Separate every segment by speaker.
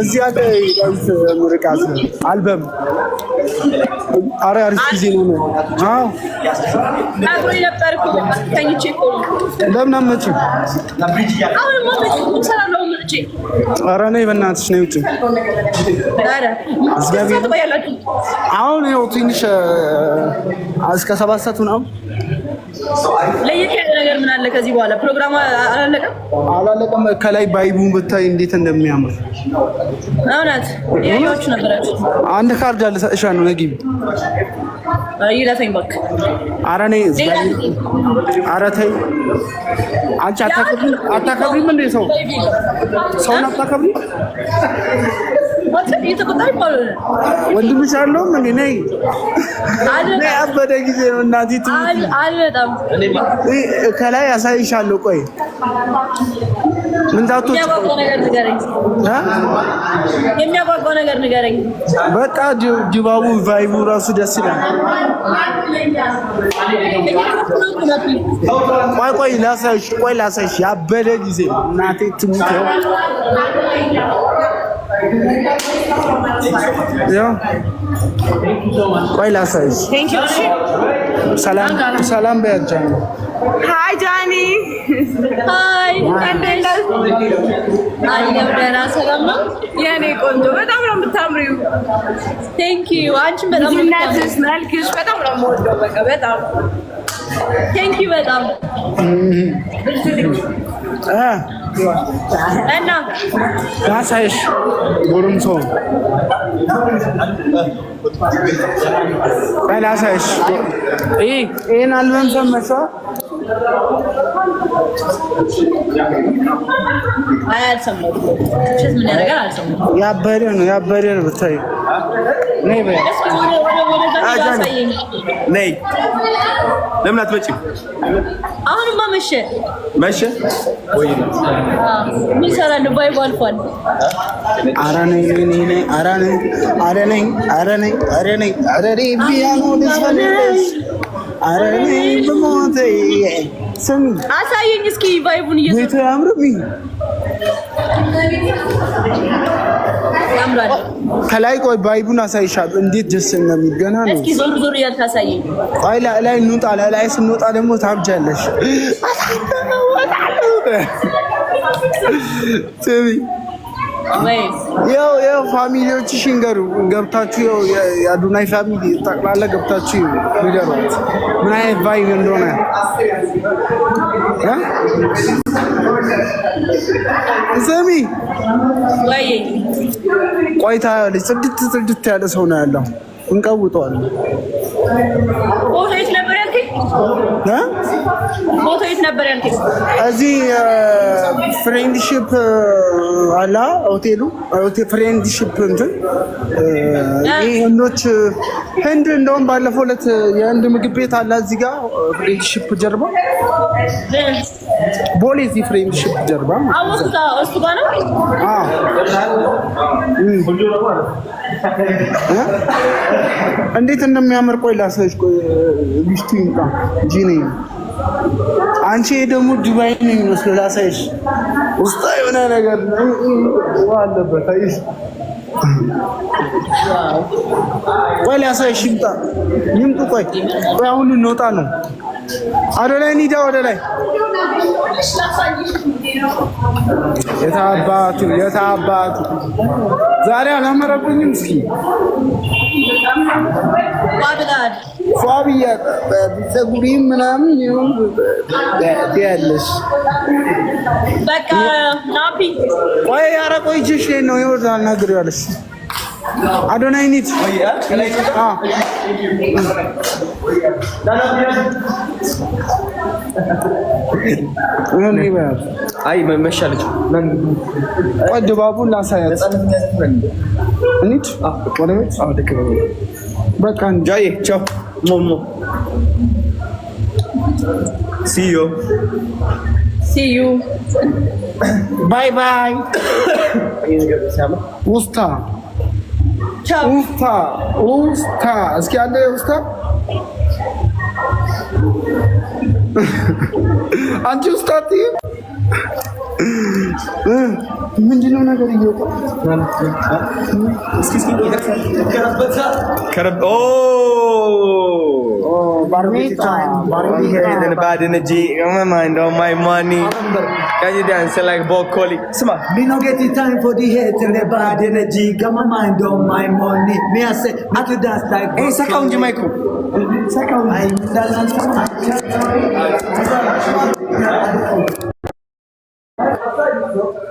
Speaker 1: እዚያ ዳዊት ምርቃት አልበም አረ አሪፍ ጊዜ ነው። አዎ ለምን አትመጭም? አረ ነይ በእናትሽ ነይ ውጭ። አሁን ይኸው ትንሽ እስከ ሰባት ሰዓት ምናምን
Speaker 2: ለየት ያለ ነገር ምን አለ? ከዚህ በኋላ ፕሮግራም አላለቀም
Speaker 1: አላለቀም። ከላይ ባይቡ ብታይ እንዴት እንደሚያምር
Speaker 2: እውነት ያየዎቹ ነበራችሁ።
Speaker 1: አንድ ካርድ አለ እሰጥሻለሁ። ነጊ ይለፈኝ እባክህ። ኧረ እኔ ኧረ ተይ አንቺ አታከብሪም። አታከብሪም እንዴ ሰው ሰውን አታከብሪም ወንድምሽ አለውም እንዴ? ነይ ነይ፣ አበደ ጊዜ ነው እናቴ። ከላይ አሳይሻለሁ። ቆይ ምንጣቶች
Speaker 2: የሚያጓጓ ነገር ንገረኝ።
Speaker 1: በቃ ድባቡ ቫይቡ ራሱ ደስ ይላል። ቆይ ቆይ ላሳይሽ፣ ቆይ ላሳይሽ። ያበደ ጊዜ እናቴ ትሙት ቆይ ላሳይሽ። ሰላም በያት ጃኒ።
Speaker 2: ሀይ ጃኒ፣ ሰላም የኔ ቆንጆ። በጣም ነው የምታምሪው። ቴንኪው። አንቺን በጣም መልክሽ በጣም ነው የምወደው። በቃ በጣም ቴንኪው። በጣም
Speaker 1: ላሳይሽ ጎረምሶ ላሳይሽ። ይህን አልበም ሰመሰ ያበሬ ነው ያበሬ ነው ብታዩ መራጃ ነይ። ለምን አትመጪም? አሁንማ መሸ መሸ።
Speaker 2: ምን ይሰራል? ባይቡ አልፏል። አሳየኝ እስኪ ባይቡን እየሰራ ያምራል።
Speaker 1: ከላይ ቆይ ባይቡን አሳይሻል። እንዴት ደስ እንደሚገና
Speaker 2: ነው። እስኪ ዞር ዞር ያልታሳይ
Speaker 1: ቆይ ላይ እንውጣ። ላይ ስንወጣ ደግሞ ታብጃለሽ። ያው ያው ፋሚሊዎችሽ ይንገሩ ገብታችሁ ያው የአዱናይ ፋሚሊ ጠቅላላ ገብታችሁ ንገሯት ምን አይነት ቫይብ እንደሆነ ስሚ። ቆይታ ያለች ጽድት ጽድት ያለ ሰው ነው ያለው። እንቀውጠዋለን እዚህ ፍሬንድሺፕ አላ ሆቴሉ ፍሬንድሺፕ እንትን ይህ ህንዶች ህንድ እንደውም ባለፈው ዕለት የህንድ ምግብ ቤት አላ እዚህ ጋር ፍሬንድሺፕ ጀርባ ቦሌ እዚህ ፍሬንድሺፕ ጀርባ
Speaker 2: እሱ ጋር ነው
Speaker 1: እንዴት እንደሚያምር ቆይ ላሳይሽ። ቆይ ሊስቱ ይምጣ እንጂ ነኝ አንቺ ደግሞ ዱባይ ነው የሚመስለው። ላሳይሽ ውስጣ የሆነ ነገር አለበት። አይሽ ቆይ ላሳይሽ። ይምጣ ይምጡ። ቆይ ቆይ አሁን እንወጣ ነው። ወደ ኒዳ ወደ ላይ የታባቱ የታባቱ ዛሬ አላመረብኝም። እስኪ ፏብያ ፀጉሪም ምናምን ያለሽ ቆይ ኧረ ቆይ ችሽ ነው ይወርዳል ነገር ያለሽ አዶናይ ኒት አይ መሻለች። ድባቡን ላሳያት እንሂድ ወደ ቤት። በቃ ጃዬ ቻው ሞሞ ሲዩ ሲዩ ባይ ባይ ውስታ ውስታ ውስታ እስኪ አንዴ ውስታ አንቺ ውስጥ አትይም ምንድነው ነገር እየወጣ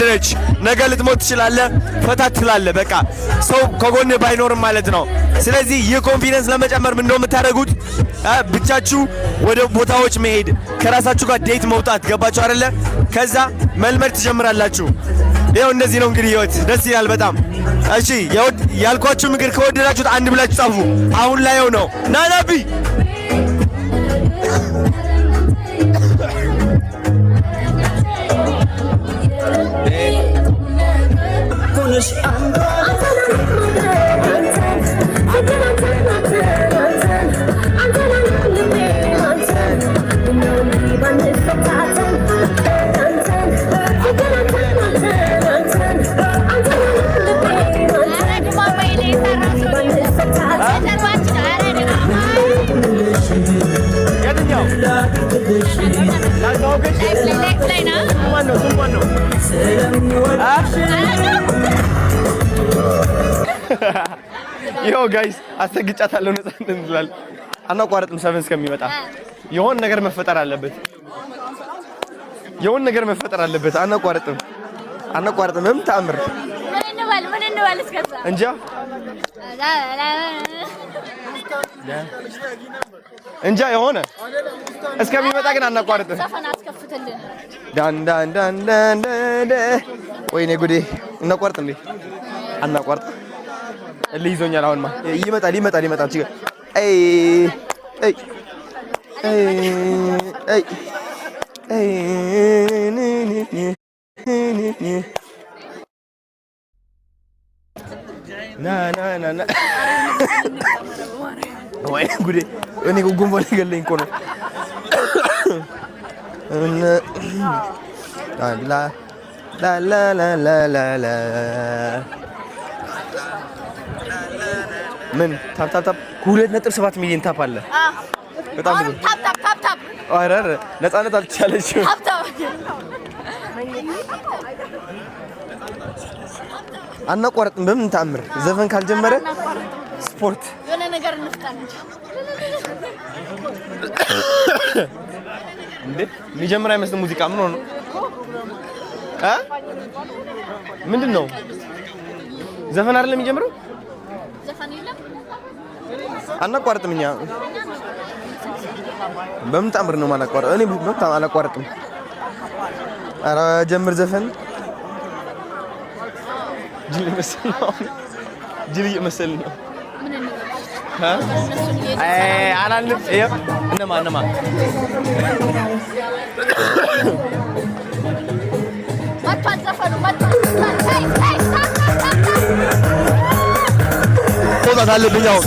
Speaker 1: አንድ ነች። ነገ ልትሞት ትችላለህ፣ ፈታ ትላለ በቃ ሰው ከጎን ባይኖርም ማለት ነው። ስለዚህ ይህ ኮንፊደንስ ለመጨመር ምን ነው የምታደርጉት? ብቻችሁ ወደ ቦታዎች መሄድ፣ ከራሳችሁ ጋር ዴት መውጣት። ገባችሁ አይደለ? ከዛ መልመድ ትጀምራላችሁ። ይኸው እንደዚህ ነው እንግዲህ ህይወት። ደስ ይላል በጣም። እሺ ያልኳችሁ ምክር ከወደዳችሁት አንድ ብላችሁ ጻፉ። አሁን ላይው ነው ናናቢ ይኸው ጋይስ አስተግጫታለሁ። ነፃነት እንላለን። አናቋረጥም። ሰቨን እስከሚመጣ የሆን ነገር መፈጠር አለበት። የሆነ ነገር መፈጠር አለበት። አናቋረጥም፣ አናቋረጥም። ምንም ተአምር እንጃ። እንጃ የሆነ እስከሚመጣ ግን አናቋርጥም። ዳን ወይኔ ጉዴ! እናቋርጥ እንዴ? አናቋርጥ ልይዞኛል። አሁንማ ይመጣል ይመጣል ይመጣል። ችግር አይ አይ አይ ወይ ጉዴ! እኔ ጉንፋ ገለኝ እኮ ነው። ላ ላ ላ ላ ላ ምን ታፕ ታፕ ታፕ ሁለት ነጥብ ሰባት ሚሊዮን ታፕ አለ። በጣም ብዙ ታፕ ታፕ ታፕ ታፕ። ኧረ ኧረ ነፃነት አልቻለችም። ታፕ ታፕ አናቋርጥም በምን ተአምር። ዘፈን ካልጀመረ ስፖርት የሆነ ነገር እንፍታለች እንዴ? የሚጀምር አይመስልም ሙዚቃ። ምን ሆነ እ ምንድን ነው ዘፈን አይደለም የሚጀምረው አናቋርጥም እኛ በምን ጣምር ነው ማላቋርጥ? እኔ በጣም አላቋርጥም። ኧረ ጀምር ዘፈን ጅል መሰል ነው። ጅል እየመሰል ነው። እነማ እነማ መውጣት አለብኝ አሁን